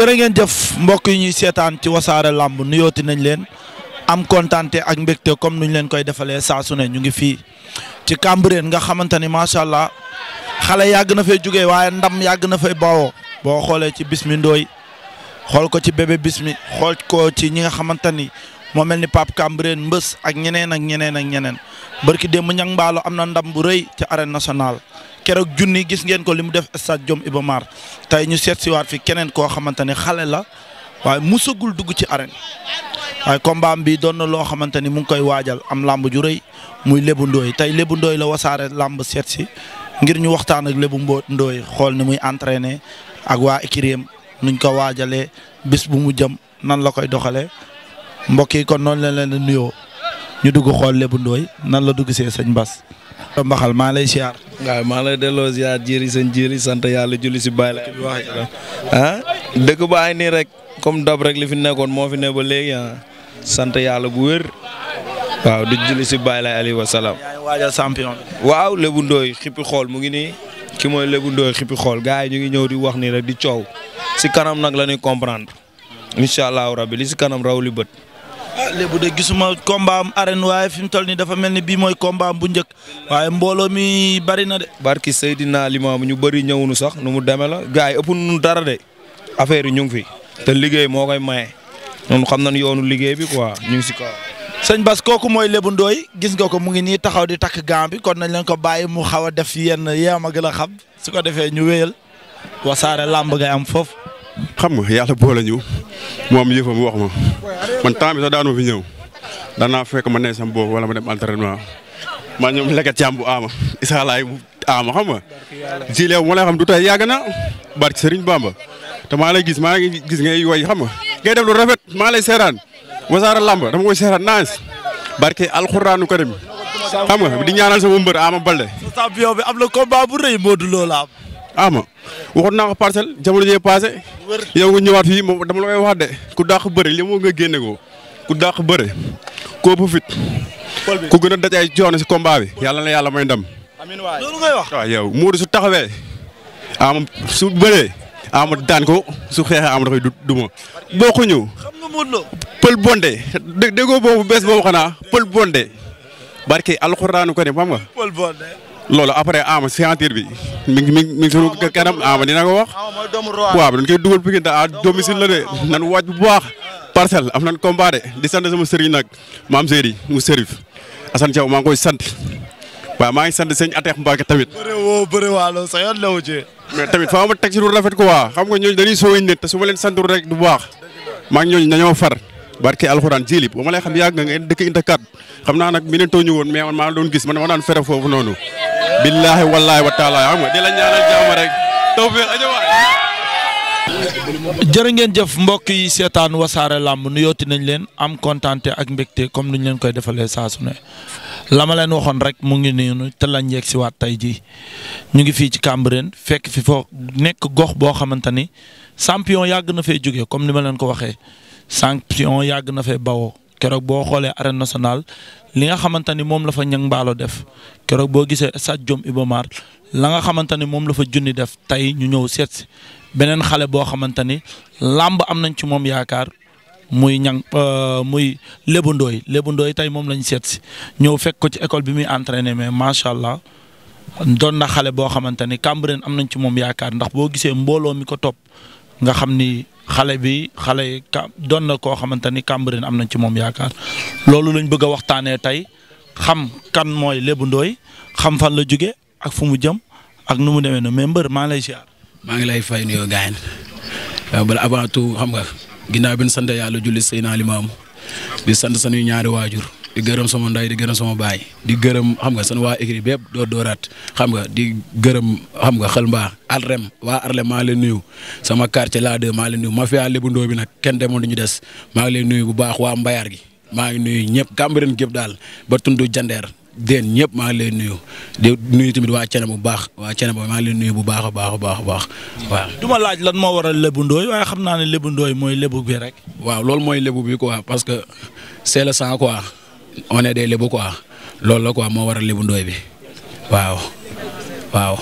jërë ngeen def mbokk yi ñuy seetaan ci wasaare làmb nuyooti nañ leen am kontaan ak mbégte comme nuñ leen koy defalee saa su ne ñu ngi fii ci Cambérène nga xamante ni macha allah xale yàgg na fee jugee waaye ndam yàgg na fay bawoo boo xoolee ci Bismi Ndoye xool ko ci bébé Bismi xool ko ci ñi nga xamante ni moo mel ni pap Cambrène Mbës ak ñeneen ak ñeneen ak ñeneen barki démb ñang mbaalo am na ndam bu rëy ci arène national keroog junni gis ngeen ko li mu def stade Jom Iba tey ñu seet siwaat fi keneen koo xamante ne xale la waaye musagul dugg ci arène waaye combat bi doon na loo xamante ni mu ngi koy waajal am làmb ju rëy muy Lébu Ndooy tey Lébu Ndooy la wasaare làmb seet si ngir ñu waxtaan ak Lébu Ndooy xool ni muy entraîné ak waa écurie am nuñ ko waajalee bis bu mu jëm nan la koy doxalee mbokk yi kon noonu la leen di nuyoo ñu dugg xool Lébu Ndooy nan la dugg see sëñ mbas mbaxal maa lay siyaar. waaw maa lay delloo siyaar jëri sant yàlla julli si baay la. ah dëkk baay nii rek comme dab rek li fi nekkoon moo fi ne ba léegi ah sant yàlla bu wér. waaw di julli si bàyyi la alayhi wa salaam. waajal champion. waaw Lébu Ndooy xippi xool mu ngi nii. ki mooy Lébu Ndooy xippi xool gars yi ñu ngi ñëw di wax nii rek di coow si kanam nag la ñuy comprendre. incha allahu rabi li si kanam raw li bët. ah de gisuma combat am arène waaye fi mu tol nii dafa mel ni bii mooy combat am bu njëkk waaye mbooloo mi bari na de. barki Seydina Limaamu ñu bëri ñëwunu sax nu mu demee la gars yi ëpp nu dara de affaire yi ñu ngi fi te liggéey moo koy maye ñun xam na nañ yoonu liggéey bi quoi ñu ngi si kaw. sëñ Bas kooku mooy Lébu Ndooy gis nga ko mu ngi nii taxaw di takk gant bi kon nañ leen ko bàyyi mu xaw a def yenn yéem a gën a xam su ko defee ñu wéyal wasaare làmb ngay am foofu. xam nga yàlla boole ñu moom yëfam wax ma man temps bi sax daanu fi ñëw danaa fekk ma ne sam boobu ma dem entraînement ma ñoom lekk càmm bu aama isa laay bu aama xam nga. si léegi moo lay xam du na barki Serigne Bamba te maa lay maa ngi gis ngay woy xam nga ngay def lu rafet maa lay seeraan wasaara làmb dama koy seeraan naas barke alxuraanu karim xam nga di ñaanal sama mbër Ama Baldé. champion bi am na combat bu rëy Modou Lo la ama waxoon naa ko parcelle jamono jee passé yow nga ñëwaat fii moom dama la koy wax de ku dàq bëre li moo nga génne ko ku dàq bëre koo ëpp ku gën a daj ay si combat bi yàlla na yàlla may ndam. amiin waay loolu ngay wax. waaw yow Modou su taxawee ama su bëree ama daan ko su xeexee ama dafay du duma bokkuñu. xam nga Modou Lo pël bonde dé déggoo boobu bees boobu xanaa pël bonde barke alxuraanu ko ne nga. loolu après ama signature bi mi ngi mi mi ngi sunu kanam ama dina ko wax. waaw dañ koy dugal Pikine te à domicile la de nan waaj bu baax. parcelle am nañ combat de di sant sama sëriñ nag maam Seydi mu Serif Assane maa ngi sant waaw maa ngi sant sëñ Atex Mbacke tamit. bëre woo sa yoon la wu ci. mais tamit faaw ma teg ci lu rafet ko waa xam nga ñooñu dañuy sooy nit te su ma leen santul rek du baax maa ngi ñooñu dañoo far. barke alxuraan jilib ba ma lay xam yàgg nga ngeen dëkk Inta 4 xam naa nag mi ne tooñu woon mais man maa doon gis man ma daan fere foofu noonu. billaahi wallaahi wa taala xam nga ngeen jëf mbokk yi seetaan wasaare làmb nu yooti nañ leen am kontaan ak mbégte comme nuñ leen koy defalee saa su lama leen waxoon rek mu ngi nii te lañ yegg si waat tey jii ñu ngi fii ci Cambérène fekk fi foo nekk gox boo xamante ni champion yàgg na fee jóge comme ni ma leen ko waxee champion yàgg na fee bawoo keroog boo xoolee arène nationale li nga xamante ni moom lafa fa mbaalo def keroog boo gisee stade Jom Iba Mar la nga xamante ni moom la fa junni def tey ñu ñëw seet beneen xale boo xamante ni làmb am nañ ci moom yaakaar muy ñang euh, muy Lébu Ndooy Lébu Ndooy tey moom lañ seet si ñëw fekk ko ci école bi muy entraîné mais macha allah doon na xale boo xamante ni Cambérène am nañ ci moom yaakaar ndax boo gisee mbooloo mi ko topp. nga xam ni xale bi xale yi doon na koo xamante ni Cambérène am nañ ci moom yaakaar loolu lañ bëgg a waxtaanee tey xam kan mooy Lébu Ndoye xam fan la jóge ak fu mu jëm ak nu mu demee noonu mais mbër maa ngi lay siyaar. maa ngi lay fay nuyoo gaañ euh, bala avant tout xam nga ginnaaw bi ñu sant yàlla julli Seydina Limaamu di sant sanuy ñaari waajur. di gërëm sama nday di gërëm sama baay di gërëm xam nga seen waa écrit bépp doo dooraat xam nga di gërëm xam nga xel mbaa Arlem waa Arlem maa leen nuyu sama quartier laa de maa leen nuyu mafia Libundoo bi nag kenn demoon duñu des maa ngi leen nuyu bu baax waa mbayaar gi maa ngi nuyu ñëpp Cambérène gépp daal ba tundu jandeer déen ñëpp maa ngi leen nuyu di nuyu tamit waa Cene bu baax waa Cene ba maa ngi leen nuyu bu baax a baax a baax a baax waaw. du ma laaj lan moo waral lébu ndooy waaye xam naa ne lébu ndooy mooy lébu bi rek. waaw loolu mooy lébu bi quoi parce que c'est le sang quoi on est des lébu lool loolu la quoi moo waral lébu ndooy bi waaw waaw.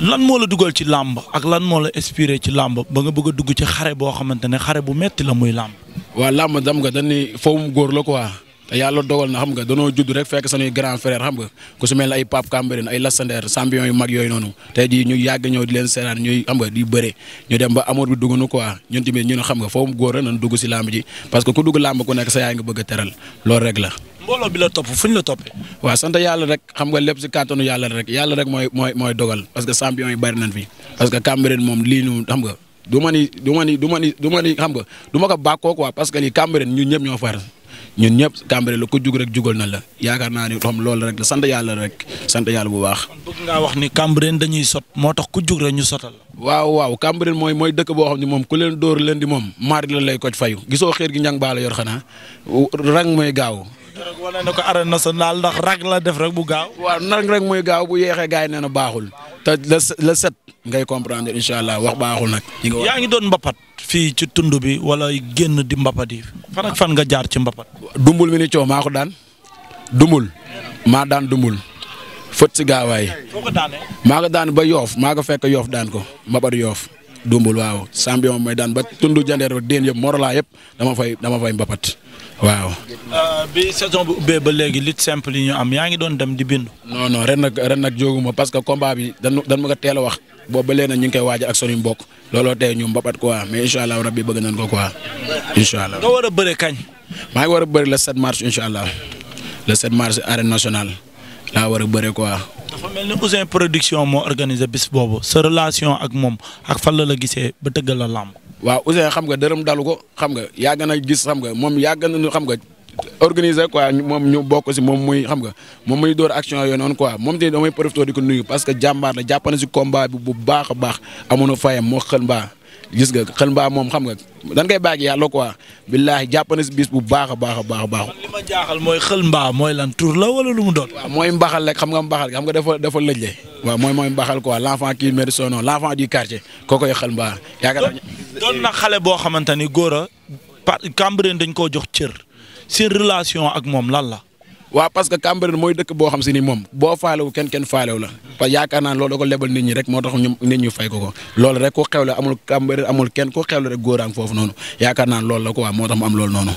lan moo la dugal ci làmb ak lan moo la inspiré ci làmb ba nga bëgg dugg ci xare boo xamante ne xare bu metti la muy làmb. waa làmb dam nga dañ ni foom góor la quoi te yàlla dogal na xam nga danoo judd rek fekk sanuy grand frère xam nga ku su mel ay Pape Cambérène ay Lassander champion yu mag yooyu noonu te jii ñu yàgg ñëw di leen seeraan ñuy xam nga di bëre ñu dem ba amour bi dugg na quoi ñun ñu ñun xam nga foom góor la nañ dugg si làmb ji parce que ku dugg làmb ku nekk sa nga bëgg teral loolu rek la. mbooloo bi la topp fu la toppee. waaw sant yàlla rek xam nga lépp si kàttanu yàlla rek yàlla rek mooy mooy mooy dogal parce que champion yi bari nañ fi parce que Cambérène moom lii ñu xam nga du ma ni du ma ni du ma ma ni xam ko parce que lii Cambérène ñun ñëpp ñoo far ñun ñëpp la ko jug rek jugal na la yaakaar naa ni xam loolu rek sant yàlla rek sant yàlla bu baax. kon wax ni Cambérène dañuy sot moo tax ku jug rek ñu sotal. waaw waaw mooy mooy dëkk boo xam ne moom ku leen door leen di moom maari la lay ko fayu gisoo xeer gi njàng baa la yor xanaa rang mooy gaaw keroog wane na ko arène nationale ndax rag la def rek bu gaaw. waaw nag rek muy gaaw bu yeexee gars yi nee baaxul. te le set ngay comprendre incha allah wax baaxul nag. yaa ngi doon mbapat. fii ci tund bi wala génn di mbapat yi. fan ak fan nga jaar ci mbapat. dumbul mi ni coow maa ko daan. dumbul. maa daan dumbul. fët si gaawaay. maa ko daan ba yoof maa ko fekk yoof daan ko mbapat yoof dumbul waaw champion mooy daan ba tundu jandeer ba déen yëpp morolaa yëpp dama fay dama fay mbapat. waaw. Euh, bi saison bi ubbee ba léegi lutte simple yi ñu am yaa ngi doon dem di bindu. non non ren nag ren nag jóguma parce que combat bi dañu dañu ma ko teel a wax boobu ba léegi ñu ngi koy waajal ak suñu mbokk looloo tey ñu mbapat quoi mais incha allah rabbi bëgg nañ ko quoi incha allah. nga war a bëre kañ. maa ngi war a bëri le 7 mars incha allah le 7 mars arène nationale laa war a bëre quoi. dafa mel ni Ouzin production moo organisé bis boobu sa relation ak moom ak fan la la gisee ba tëggal la làmb. waaw Ouzin xam nga dërëm dalu ko xam nga yàgg na gis xam nga moom yàgg nañu xam nga organiser quoi moom ñu bokk si moom muy xam nga moom muy door action yooyu noonu quoi moom tamit damay profité di ko nuyu parce que jàmbaar la jàpp na si combat bi bu baax a baax amoon na fayam moo xel mbaa gis nga xel mbaa moom xam nga dan koy bàyyi yàlla quoi billaahi jàpp na si bis bu baax a baax a baax a baax. mooy xel mbaa mooy lan tour la wala lu mu doon. mooy mbaxal rek xam nga mbaxal xam nga dafa dafa lëjle. waaw mooy mooy mbaxal quoi l' enfant qui mérite son nom l' enfant du quartier kooku ay xel mbaa. yaakaar na xale boo xamante ni góor a Cambérène dañ koo jox cër seen relation ak moom lan la. waaw parce que Cambérène mooy dëkk boo xam si ni moom boo faalewu kenn kenn faalewu la parce que yaakaar naa loolu da ko nit ñi rek moo tax ñu nit ñu fay ko loolu rek ku xewle amul kenn ku xewle rek góoraan foofu noonu yaakaar naa loolu la ko waaw moo tax mu am loolu noonu.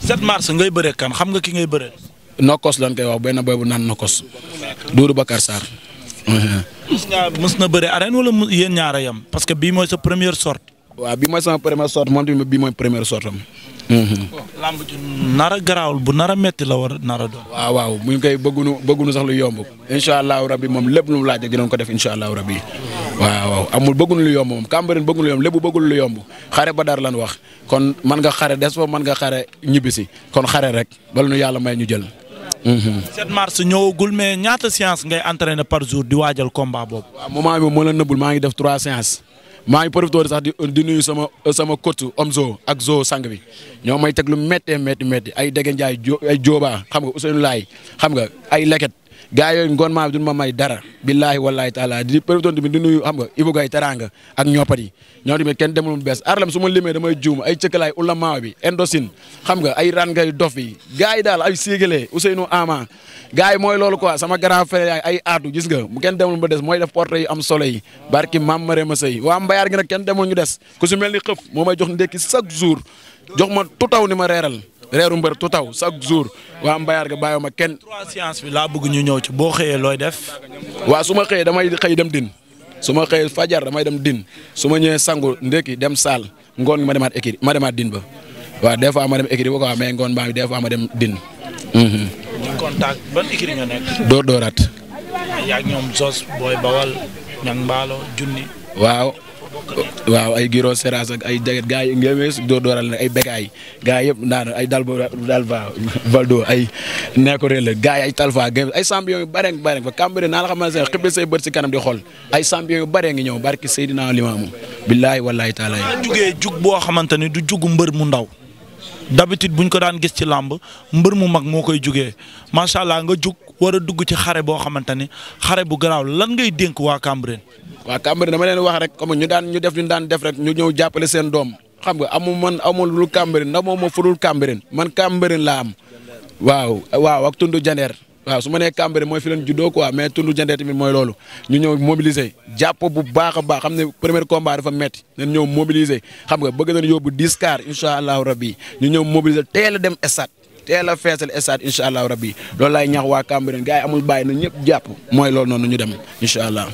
7 mhm. mars ngay bëree kan xam nga ki ngay bëree. Nokos lañ koy wax benn ba bu naan Nokos. Doudou Bakar Sarr. mës mhm. na bëree arène wala yéen ñaara yam parce que bii mooy sa première sorte. waaw bii mooy sama première sorte moom tamit bii am. Mm-hmm. lamb ju nar a garaawul bu nara a metti la war nara a doon waaw waaw mu ngi koy bëggunu bëggunu sax lu yomb incha allahu rabbi moom lépp lu mu laaj rek dinañ ko def incha allahu rabbi waaw amul bëggunu lu yomb moom Cambérène bëggunu lu yomb lépp bëggul lu yomb xare ba dar lan wax kon man nga xare des fa man nga xare ñibbisi kon xare rek bala nu yàlla may ñu jël 7 mm-hmm. mars ñëwagul mais ñaata séance ngay entraîner par jour di waajal combat boobu waaw moment bi moo la nëbbul maa ngi def trois séances maa ngi profité sax di di nuyu sama sama coach Omzo ak Zo sang bi ñoo may teg lu méttee métti métti ay Dege Ndiaye ay Jooba xam nga Ousseynou xam nga ay leket gars yooyu ngoonement bi duñ ma may dara billaahi wallaahi taala di përitoon tamit di nuyu xam nga Ibou Gaye Teranga ak ñoppat yi ñoo tamit kenn demul mu bees arlam su ma limee damay juum ay cëkkalaay ulamaaw bi endosine xam nga ay rangay dof yi gars yi daal ay séegalee Ousseynou Ama gars yi mooy loolu quoi sama grand ay aatu gis nga mu kenn demul ba des mooy def portrait yu am solo yi barki mam marema sëy waa mbayaar gi nag kenn demul ñu des ku si mel ni xëf moo may jox ndékki chaque jour jox ma tutaw ni ma reeral reeru mbër tu taw chaque jour waa mbayaar ga bàyyi ma kenn. trois bi laa bëgg ñu ñëw ci boo xëyee looy def. waa su ma xëyee damay xëy dem din su ma xëyee fajar damay dem din su ma ñëwee sangu ndékki dem saal ngoon ma demaat écrit ma demaat din ba waa des fois ma dem écrit ba quoi ngoon baa mi des fois ma dem din. ñu mhm. contact ban écrit nga nekk. door dooraat. yaa ñoom sos booy bawal ñan mbaalo junni. waaw. waaw ay Giro Seras ay jaget gars yi ngeen wees doo dooral nag ay Begaay gars yëpp naan ay Dalba Dalba Valdo ay nekko réel la gars yi ay ay champion yu bare ngi bare fa Cambérène naa la xamal seen xibli say bët si kanam di xool ay champion yu bare ngi ñëw barki Seydina Limamou billaahi wallaahi taala. jugee jug boo xamante ni du jug mbër mu ndaw. bu ñu ko daan gis ci làmb mbër mu mag moo koy jugee macha allah nga jug war a dugg ci xare boo xamante ni xare bu garaaw lan ngay dénk waa Cambérène. waa Cambérène dama leen wax rek comme ñu daan ñu def ñu daan def rek ñu ñëw jàppale seen doom xam nga amul man amul lu Cambérène ndax moom fu dul Cambérène man Cambérène laa am waaw waaw ak tundu Janeer. waaw su ma nee Cambérène mooy fi leen juddoo quoi mais tund jantee tamit mooy loolu ñu ñëw mobiliser jàpp bu baax a baax xam ne premier combat dafa metti nañ ñëw mobiliser xam nga bëgg nañ yóbbu 10 car incha allahu rabbi ñu ñëw mobiliser teel dem stade teel a feesal stade incha allahu rabbi loolu laay ñax waa Cambérène gars yi amul bàyyi na ñëpp jàpp mooy loolu noonu ñu dem incha allah.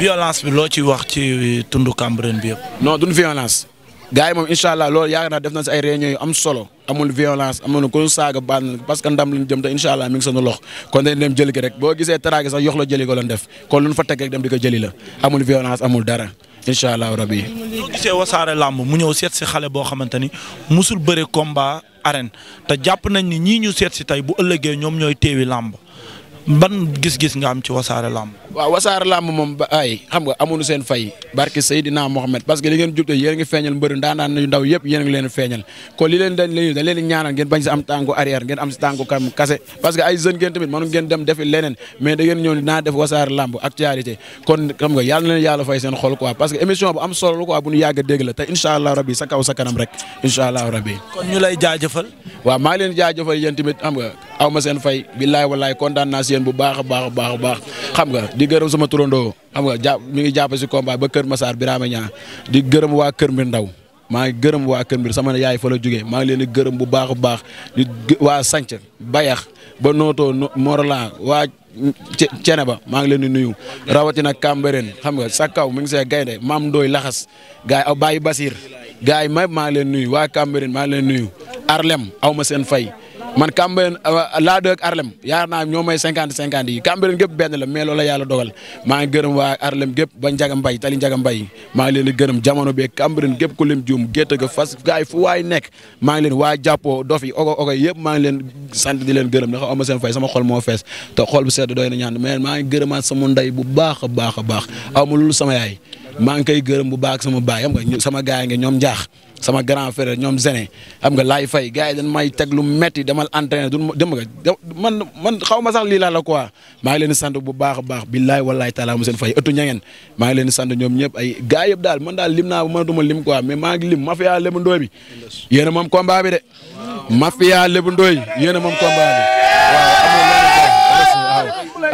violence bi loo ci wax ci tundu Cambérène bi yëpp. non duñ violence. gars yi moom incha allah loolu yaakaar naa def na si ay réunions yu am solo amul violence amul ku ñu saaga bànn parce que ndam lañ jëm te incha allah mi ngi sunu lox kon dañ dem jëli ko rek boo gisee taraage sax yox la jëli ko lan def kon lu ñu fa teg dem di jëli la amul violence amul dara incha allah rabi. soo gisee wasaare làmb mu ñëw seet si xale boo xamante ni musul bëre combat arène te jàpp nañ ni ñii ñu seet si tey bu ëllëgee ñoom ñooy teewi làmb ban gis-gis nga am ci wasaare làmb. waaw wasaare làmb moom ba ay xam nga amuñu seen fay barke Seydina Mohamed parce que li ngeen jubte yéen feeñal mbër ndaanaan nañu ndaw yëpp yéen a ngi leen feeñal kon li leen dañ leen dañ ngeen bañ si am tànku arrière ngeen am si tànku kam kase parce que ay jeunes ngeen tamit mënu ngeen dem defi leneen mais da ngeen ñëw naa def wasaare làmb actualité kon xam na leen yàlla fay yéen bu baax a baax a baax a baax xam nga di gërëm sama turandoo xam nga jàpp mi ngi jàpp si combat ba Kër Massar Birame Niang di gërëm waa Kër Mbir Ndaw maa ngi gërëm waa Kër Mbir sama yaay fa la jógee maa ngi leen di gërëm bu baax a baax di waa Sanc Bayax ba Noto Morla waa cene ba maa ngi leen di nuyu rawatina Cambérène xam nga sa kaw mi ngi see gaynde maam Ndooy Laxas gars a baay Basir gars yi ma maa ngi leen nuyu waa Cambérène maa ngi leen nuyu Arlem aw ma seen fay man Cambérène euh, laa ak Arlem yaakaar naa ñoo may cinquante cinquante yi Cambérène gépp benn la mais loola yàlla dogal maa ngi gërëm waa Arlem gépp ba Njaga Mbay tali Njaga Mbay maa ngi leen di gërëm jamono bee Cambérène gépp ku lim juum gétt ga fas gars fu waay nekk maa ngi leen waa jàppoo dof yi ogo ogo yëpp maa ngi leen sant di leen gërëm ndax ama seen fay sama xol moo fees te xol bu sedd doy na ñaan mais maa ngi gërëmaat sama ndey bu baax a baax a baax aw sama yaay maa ngi koy gërëm bu baax sama baay xam nga sama gaay nga ñoom njaax sama grand frère ñoom Zene xam nga laay fay gars yi dañ may teg lu metti demal entraîner du dem nga man xaw ma sax lii laa la quoi maa ngi leen di sant bu baax a baax billaay wallaay taala mu seen fay ëttu ñangeen maa ngi leen di sant ñoom ñëpp ay gars yëpp daal man daal lim naa a mënatuma lim quoi mais maa lim mafia lébu ndooy bi a moom combat bi de mafia lébu ndooy yéen a moom combat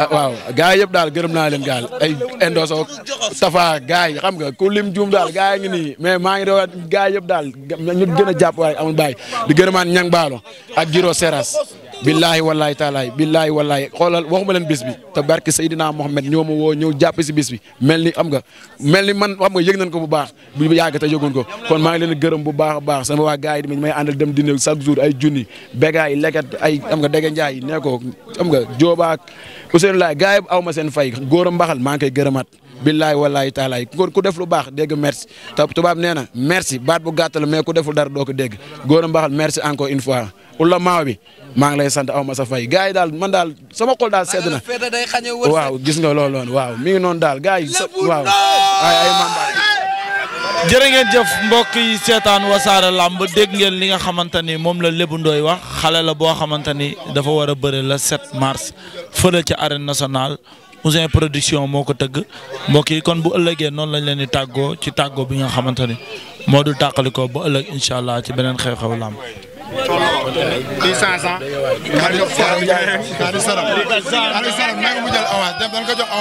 Ah, waaw gars yëpp daal gërëm naa leen gaal ay Endoso Tafa gars yi xam nga ku lim juum daal gars yi ngi nii mais maa ngi rewaat gars yëpp daal ñu gën a jàpp waaye amul bàyyi di gërëmaan ñang baalo ak Giro Seras billaahi wallaahi taalaay billaahi wallaahi xoolal waxuma leen bis bi te barki Seydina Mohamed ñoo ma woo ñëw jàpp si bis bi mel ni am nga mel ni man xam nga yëg nañ ko bu baax bu yàgg te yëgoon ko kon maa ngi leen gërëm bu baax a baax sama waa gars yi di may àndal dem dinañ chaque jour ay junni bégaay lekkat ay am nga dege njaay nee ko am nga joobaak Ousseynou Laay gars yi aw ma seen fay góor mbaxal maa ngi koy gërëmaat billaay wallaay taalaay ku def lu baax dégg merci te tubaab nee na merci baat bu gàtt la mais ku deful dara doo ko dégg góor mbaxal merci encore une fois ula maaw bi maa ngi lay sant aw ma sa fay gars yi daal man daal sama xol daal sedd na waaw gis nga loolu noonu waaw mi ngi noonu daal gars yi waaw ay ay man ngeen jëf mbokk yi seetaan wasaare làmb dégg ngeen li nga xamante ni moom la Lébu Ndoye wax xale la boo xamante ni dafa war a bëre le 7 mars fële ci arène national Ouzin production moo ko tëgg mbokk yi kon bu ëllëgee noonu lañ leen di tàggoo ci tàggoo bi nga xamante ni moo du tàqalikoo ba ëllëg incha allah ci beneen xew-xew di 500. xaalis saram xaalis saram xaalis saram mu jël avance def dañ ko jox avance.